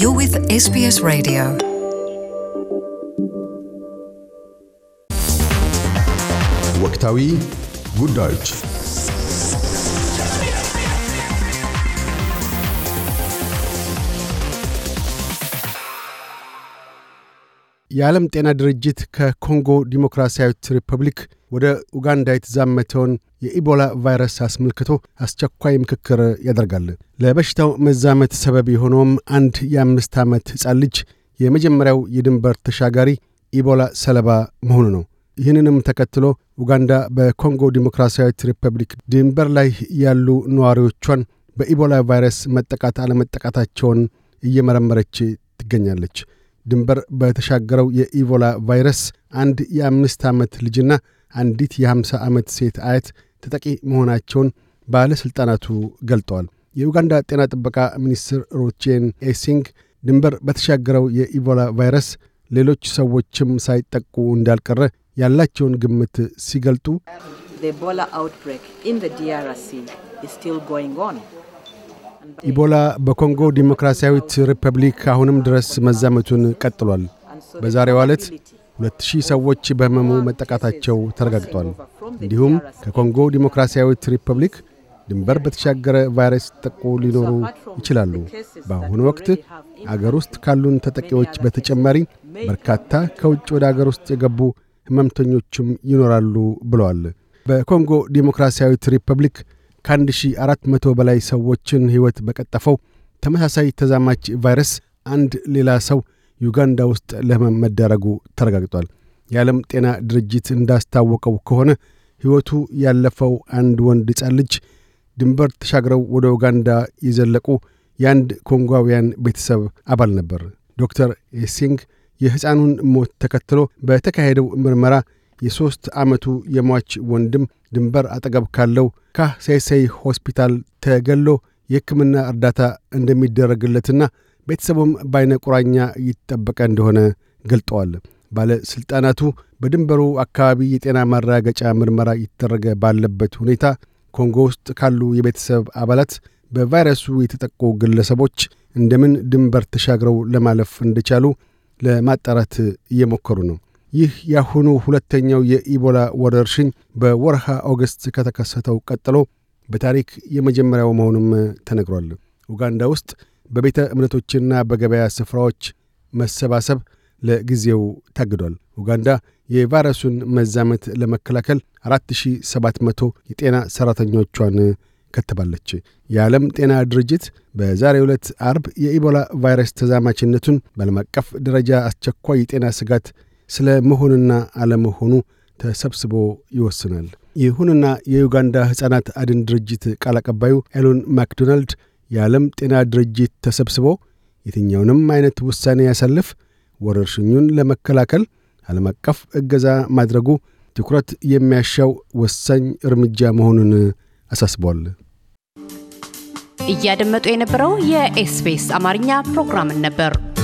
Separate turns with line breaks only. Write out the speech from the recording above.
You're with SBS Radio. ወቅታዊ ጉዳዮች የዓለም ጤና ድርጅት ከኮንጎ ዲሞክራሲያዊት ሪፐብሊክ ወደ ኡጋንዳ የተዛመተውን የኢቦላ ቫይረስ አስመልክቶ አስቸኳይ ምክክር ያደርጋል። ለበሽታው መዛመት ሰበብ የሆነውም አንድ የአምስት ዓመት ሕፃን ልጅ የመጀመሪያው የድንበር ተሻጋሪ ኢቦላ ሰለባ መሆኑ ነው። ይህንንም ተከትሎ ኡጋንዳ በኮንጎ ዲሞክራሲያዊት ሪፐብሊክ ድንበር ላይ ያሉ ነዋሪዎቿን በኢቦላ ቫይረስ መጠቃት አለመጠቃታቸውን እየመረመረች ትገኛለች። ድንበር በተሻገረው የኢቦላ ቫይረስ አንድ የአምስት ዓመት ልጅና አንዲት የ50 ዓመት ሴት አያት ተጠቂ መሆናቸውን ባለሥልጣናቱ ገልጠዋል። የኡጋንዳ ጤና ጥበቃ ሚኒስትር ሮቼን ኤሲንግ ድንበር በተሻገረው የኢቦላ ቫይረስ ሌሎች ሰዎችም ሳይጠቁ እንዳልቀረ ያላቸውን ግምት ሲገልጡ ኢቦላ በኮንጎ ዲሞክራሲያዊት ሪፐብሊክ አሁንም ድረስ መዛመቱን ቀጥሏል። በዛሬው ዕለት ሁለት ሺህ ሰዎች በህመሙ መጠቃታቸው ተረጋግጧል። እንዲሁም ከኮንጎ ዲሞክራሲያዊት ሪፐብሊክ ድንበር በተሻገረ ቫይረስ ጠቁ ሊኖሩ ይችላሉ። በአሁኑ ወቅት አገር ውስጥ ካሉን ተጠቂዎች በተጨማሪ በርካታ ከውጭ ወደ አገር ውስጥ የገቡ ህመምተኞችም ይኖራሉ ብለዋል። በኮንጎ ዲሞክራሲያዊት ሪፐብሊክ ከ1400 በላይ ሰዎችን ሕይወት በቀጠፈው ተመሳሳይ ተዛማች ቫይረስ አንድ ሌላ ሰው ዩጋንዳ ውስጥ ለህመም መዳረጉ ተረጋግጧል። የዓለም ጤና ድርጅት እንዳስታወቀው ከሆነ ሕይወቱ ያለፈው አንድ ወንድ ሕፃን ልጅ ድንበር ተሻግረው ወደ ኡጋንዳ የዘለቁ የአንድ ኮንጓውያን ቤተሰብ አባል ነበር። ዶክተር ኤሲንግ የሕፃኑን ሞት ተከትሎ በተካሄደው ምርመራ የሦስት ዓመቱ የሟች ወንድም ድንበር አጠገብ ካለው ካህሴሴይ ሆስፒታል ተገሎ የሕክምና እርዳታ እንደሚደረግለትና ቤተሰቡም በአይነ ቁራኛ እየተጠበቀ እንደሆነ ገልጠዋል። ባለሥልጣናቱ በድንበሩ አካባቢ የጤና ማረጋገጫ ምርመራ እየተደረገ ባለበት ሁኔታ ኮንጎ ውስጥ ካሉ የቤተሰብ አባላት በቫይረሱ የተጠቁ ግለሰቦች እንደምን ድንበር ተሻግረው ለማለፍ እንደቻሉ ለማጣራት እየሞከሩ ነው። ይህ የአሁኑ ሁለተኛው የኢቦላ ወረርሽኝ በወርሃ ኦገስት ከተከሰተው ቀጥሎ በታሪክ የመጀመሪያው መሆኑም ተነግሯል። ኡጋንዳ ውስጥ በቤተ እምነቶችና በገበያ ስፍራዎች መሰባሰብ ለጊዜው ታግዷል። ኡጋንዳ የቫይረሱን መዛመት ለመከላከል 4700 የጤና ሠራተኞቿን ከትባለች። የዓለም ጤና ድርጅት በዛሬ ዕለት አርብ የኢቦላ ቫይረስ ተዛማችነቱን በዓለም አቀፍ ደረጃ አስቸኳይ የጤና ስጋት ስለ መሆንና አለመሆኑ ተሰብስቦ ይወስናል። ይሁንና የዩጋንዳ ሕፃናት አድን ድርጅት ቃል አቀባዩ ኤሎን ማክዶናልድ የዓለም ጤና ድርጅት ተሰብስቦ የትኛውንም አይነት ውሳኔ ያሳልፍ ወረርሽኙን ለመከላከል ዓለም አቀፍ እገዛ ማድረጉ ትኩረት የሚያሻው ወሳኝ እርምጃ መሆኑን አሳስቧል።
እያደመጡ የነበረው የኤስፔስ አማርኛ ፕሮግራምን ነበር።